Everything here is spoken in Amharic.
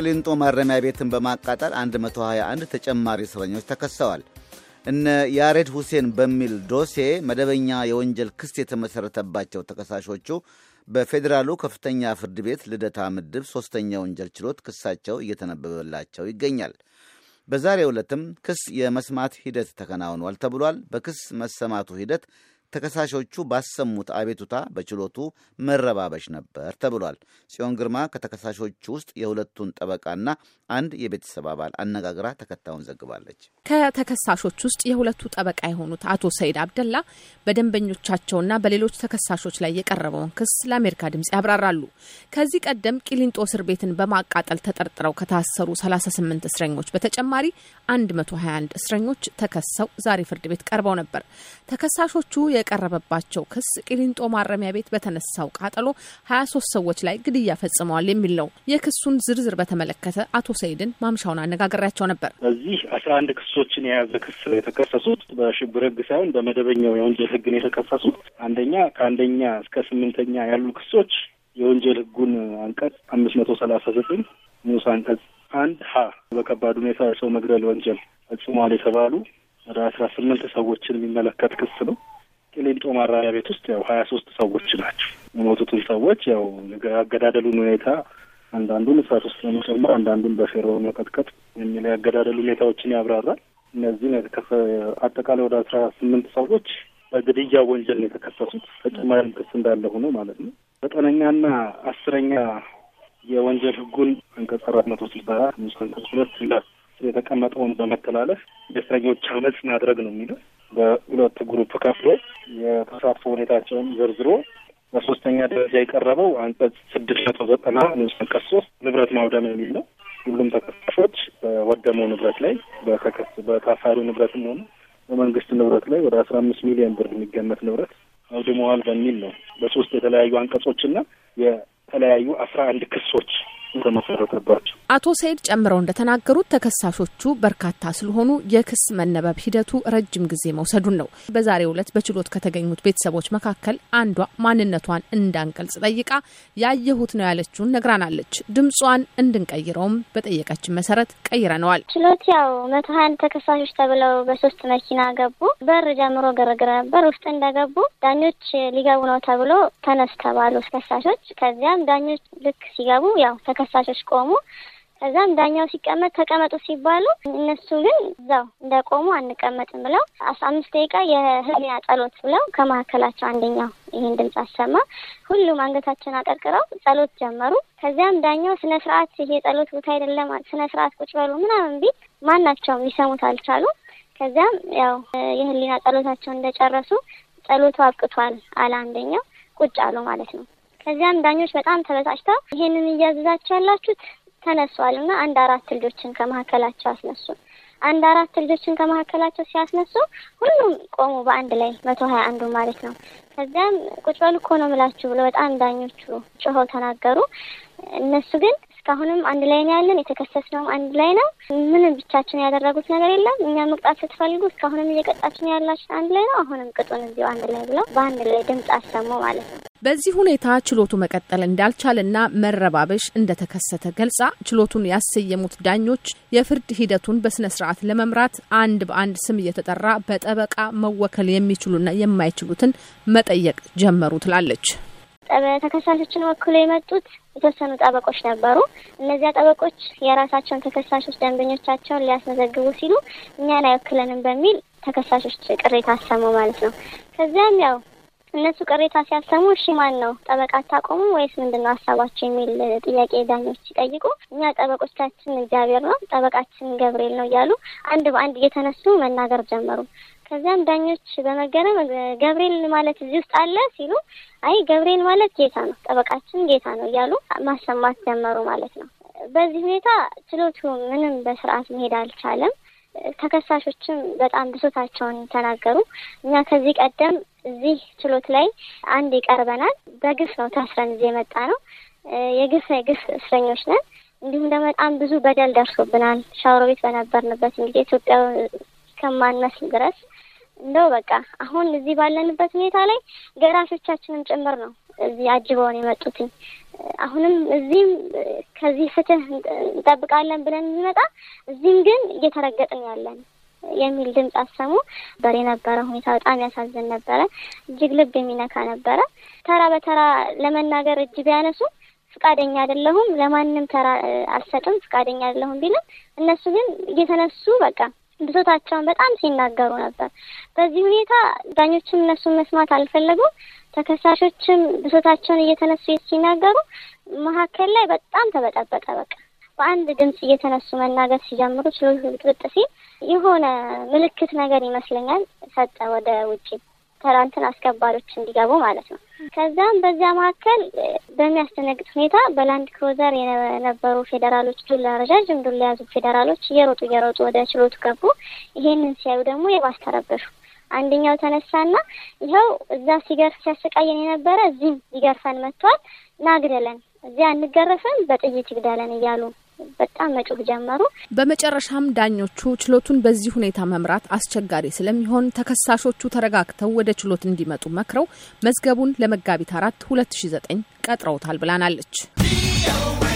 የቅሊንጦ ማረሚያ ቤትን በማቃጠል 121 ተጨማሪ እስረኞች ተከሰዋል። እነ ያሬድ ሁሴን በሚል ዶሴ መደበኛ የወንጀል ክስ የተመሠረተባቸው ተከሳሾቹ በፌዴራሉ ከፍተኛ ፍርድ ቤት ልደታ ምድብ ሦስተኛ ወንጀል ችሎት ክሳቸው እየተነበበላቸው ይገኛል። በዛሬ ዕለትም ክስ የመስማት ሂደት ተከናውኗል ተብሏል። በክስ መሰማቱ ሂደት ተከሳሾቹ ባሰሙት አቤቱታ በችሎቱ መረባበሽ ነበር ተብሏል። ጽዮን ግርማ ከተከሳሾቹ ውስጥ የሁለቱን ጠበቃና አንድ የቤተሰብ አባል አነጋግራ ተከታዩን ዘግባለች። ከተከሳሾች ውስጥ የሁለቱ ጠበቃ የሆኑት አቶ ሰይድ አብደላ በደንበኞቻቸውና በሌሎች ተከሳሾች ላይ የቀረበውን ክስ ለአሜሪካ ድምጽ ያብራራሉ። ከዚህ ቀደም ቂሊንጦ እስር ቤትን በማቃጠል ተጠርጥረው ከታሰሩ 38 እስረኞች በተጨማሪ 121 እስረኞች ተከሰው ዛሬ ፍርድ ቤት ቀርበው ነበር። ተከሳሾቹ የቀረበባቸው ክስ ቂሊንጦ ማረሚያ ቤት በተነሳው ቃጠሎ 23 ሰዎች ላይ ግድያ ፈጽመዋል የሚል ነው። የክሱን ዝርዝር በተመለከተ አቶ ሰይድን ማምሻውን አነጋግሬያቸው ነበር። በዚህ አስራ አንድ ክሶችን የያዘ ክስ የተከሰሱት በሽብር ህግ ሳይሆን በመደበኛው የወንጀል ህግ ነው የተከሰሱት። አንደኛ ከአንደኛ እስከ ስምንተኛ ያሉ ክሶች የወንጀል ህጉን አንቀጽ አምስት መቶ ሰላሳ ዘጠኝ ንዑስ አንቀጽ አንድ ሀ በከባድ ሁኔታ ሰው መግደል ወንጀል ፈጽሟል የተባሉ ወደ አስራ ስምንት ሰዎችን የሚመለከት ክስ ነው። ቂሊንጦ ማረሚያ ቤት ውስጥ ያው ሀያ ሶስት ሰዎች ናቸው የሞቱትን ሰዎች ያው ያገዳደሉን ሁኔታ አንዳንዱን እሳት ውስጥ በመጨመር አንዳንዱን በፌሮ መቀጥቀጥ የሚል ያገዳደሉ ሁኔታዎችን ያብራራል። እነዚህን የተከሰ አጠቃላይ ወደ አስራ ስምንት ሰዎች በግድያ ወንጀል የተከሰሱት። ተጨማሪም ክስ እንዳለ ሆኖ ማለት ነው። ዘጠነኛና አስረኛ የወንጀል ህጉን አንቀጽ አራት መቶ ስልሳ አራት ንዑስ አንቀጽ ሁለት የተቀመጠውን በመተላለፍ የእስረኞች አመፅ ማድረግ ነው የሚለው በሁለት ግሩፕ ከፍሎ የተሳትፎ ሁኔታቸውን ዘርዝሮ በሶስተኛ ደረጃ የቀረበው አንቀጽ ስድስት መቶ ዘጠና ንዑስ አንቀጽ ሶስት ንብረት ማውደም የሚል ነው። ሁሉም ተከሳሾች በወደመው ንብረት ላይ በተከስ በታሳሪው ንብረትም ሆነ በመንግስት ንብረት ላይ ወደ አስራ አምስት ሚሊዮን ብር የሚገመት ንብረት አውድመዋል በሚል ነው በሶስት የተለያዩ አንቀጾችና የተለያዩ አስራ አንድ ክሶች የተመሰረተባቸው። አቶ ሰይድ ጨምረው እንደተናገሩት ተከሳሾቹ በርካታ ስለሆኑ የክስ መነበብ ሂደቱ ረጅም ጊዜ መውሰዱን ነው። በዛሬው ዕለት በችሎት ከተገኙት ቤተሰቦች መካከል አንዷ ማንነቷን እንዳንገልጽ ጠይቃ ያየሁት ነው ያለችውን ነግራናለች። ድምጿን እንድንቀይረውም በጠየቀችን መሰረት ቀይረነዋል። ችሎት ያው መቶ ሀያ አንድ ተከሳሾች ተብለው በሶስት መኪና ገቡ። በር ጀምሮ ግርግር ነበር። ውስጥ እንደገቡ ዳኞች ሊገቡ ነው ተብሎ ተነስ ተባሉ ከሳሾች። ከዚያም ዳኞች ልክ ሲገቡ ያው ተከሳሾች ቆሙ። ከዛም ዳኛው ሲቀመጥ ተቀመጡ ሲባሉ እነሱ ግን እዛው እንደቆሙ አንቀመጥም ብለው አስራ አምስት ደቂቃ የህሊና ጸሎት ብለው ከመካከላቸው አንደኛው ይህን ድምፅ አሰማ። ሁሉም አንገታቸውን አቀርቅረው ጸሎት ጀመሩ። ከዚያም ዳኛው ስነ ስርዓት ይሄ ጸሎት ቦታ አይደለም፣ ስነ ስርዓት ቁጭ በሉ ምናምን ቢል ማናቸውም ሊሰሙት አልቻሉ ከዚያም ያው የህሊና ጸሎታቸውን እንደጨረሱ ጸሎቱ አብቅቷል አለ አንደኛው። ቁጭ አሉ ማለት ነው። ከዚያም ዳኞች በጣም ተበሳጭተው ይሄንን እያዘዛችሁ ያላችሁት ተነሷል እና አንድ አራት ልጆችን ከመካከላቸው አስነሱ። አንድ አራት ልጆችን ከመካከላቸው ሲያስነሱ ሁሉም ቆሙ በአንድ ላይ መቶ ሀያ አንዱ ማለት ነው። ከዚያም ቁጭ በሉ እኮ ነው ምላችሁ ብሎ በጣም ዳኞቹ ጮኸው ተናገሩ። እነሱ ግን እስካሁንም አንድ ላይ ነው ያለን። የተከሰስነውም አንድ ላይ ነው። ምንም ብቻችን ያደረጉት ነገር የለም። እኛ መቅጣት ስትፈልጉ እስካሁንም እየቀጣችን ያላችን አንድ ላይ ነው። አሁንም ቅጡን እዚሁ አንድ ላይ ብለው በአንድ ላይ ድምጽ አሰሙ ማለት ነው። በዚህ ሁኔታ ችሎቱ መቀጠል እንዳልቻለና መረባበሽ እንደተከሰተ ገልጻ ችሎቱን ያሰየሙት ዳኞች የፍርድ ሂደቱን በስነ ስርዓት ለመምራት አንድ በአንድ ስም እየተጠራ በጠበቃ መወከል የሚችሉና የማይችሉትን መጠየቅ ጀመሩ ትላለች። ተከሳሾችን ወክሎ የመጡት የተወሰኑ ጠበቆች ነበሩ። እነዚያ ጠበቆች የራሳቸውን ተከሳሾች ደንበኞቻቸውን ሊያስመዘግቡ ሲሉ እኛን አይወክለንም በሚል ተከሳሾች ቅሬታ አሰሙ ማለት ነው። ከዚያም ያው እነሱ ቅሬታ ሲያሰሙ እሺ ማን ነው ጠበቃ አታቆሙ ወይስ ምንድን ነው ሀሳባቸው የሚል ጥያቄ ዳኞች ሲጠይቁ እኛ ጠበቆቻችን እግዚአብሔር ነው ጠበቃችን ገብርኤል ነው እያሉ አንድ በአንድ እየተነሱ መናገር ጀመሩ። ከዚያም ዳኞች በመገረም ገብርኤል ማለት እዚህ ውስጥ አለ ሲሉ አይ ገብርኤል ማለት ጌታ ነው ጠበቃችን ጌታ ነው እያሉ ማሰማት ጀመሩ ማለት ነው። በዚህ ሁኔታ ችሎቱ ምንም በስርዓት መሄድ አልቻለም። ተከሳሾችም በጣም ብሶታቸውን ተናገሩ። እኛ ከዚህ ቀደም እዚህ ችሎት ላይ አንድ ይቀርበናል። በግፍ ነው ታስረን እዚህ የመጣ ነው። የግፍ ግፍ እስረኞች ነን። እንዲሁም ደግሞ በጣም ብዙ በደል ደርሶብናል። ሻወር ቤት በነበርንበት እንግዲህ ኢትዮጵያ እስከማንመስል ድረስ እንደው በቃ አሁን እዚህ ባለንበት ሁኔታ ላይ ገራሾቻችንም ጭምር ነው እዚህ አጅበውን የመጡትኝ አሁንም እዚህም ከዚህ ፍትህ እንጠብቃለን ብለን የሚመጣ እዚህም ግን እየተረገጥን ያለን የሚል ድምፅ አሰሙ። በር የነበረ ሁኔታ በጣም ያሳዝን ነበረ። እጅግ ልብ የሚነካ ነበረ። ተራ በተራ ለመናገር እጅ ቢያነሱ ፍቃደኛ አይደለሁም፣ ለማንም ተራ አልሰጥም፣ ፍቃደኛ አይደለሁም ቢልም እነሱ ግን እየተነሱ በቃ ብሶታቸውን በጣም ሲናገሩ ነበር። በዚህ ሁኔታ ዳኞችም እነሱን መስማት አልፈለጉም። ተከሳሾችም ብሶታቸውን እየተነሱ ሲናገሩ መካከል ላይ በጣም ተበጠበጠ። በቃ በአንድ ድምፅ እየተነሱ መናገር ሲጀምሩ ችሎቱ ብጥብጥ ሲል የሆነ ምልክት ነገር ይመስለኛል ሰጠ ወደ ውጭ ተራ እንትን አስከባሪዎች እንዲገቡ ማለት ነው። ከዛም በዚያ መካከል በሚያስደነግጥ ሁኔታ በላንድ ክሮዘር የነበሩ ፌዴራሎች ዱላ፣ ረዣዥም ዱላ የያዙ ፌዴራሎች እየሮጡ እየሮጡ ወደ ችሎቱ ገቡ። ይሄንን ሲያዩ ደግሞ የባስ ተረበሹ። አንደኛው ተነሳና ይኸው እዛ ሲገርፍ ሲያሰቃየን የነበረ እዚህም ሊገርፈን መጥቷል፣ ናግደለን፣ እዚያ እንገረፍም በጥይት ይግደለን እያሉ በጣም መጮህ ጀመሩ። በመጨረሻም ዳኞቹ ችሎቱን በዚህ ሁኔታ መምራት አስቸጋሪ ስለሚሆን ተከሳሾቹ ተረጋግተው ወደ ችሎት እንዲመጡ መክረው መዝገቡን ለመጋቢት አራት ሁለት ሺ ዘጠኝ ቀጥረውታል ብላናለች።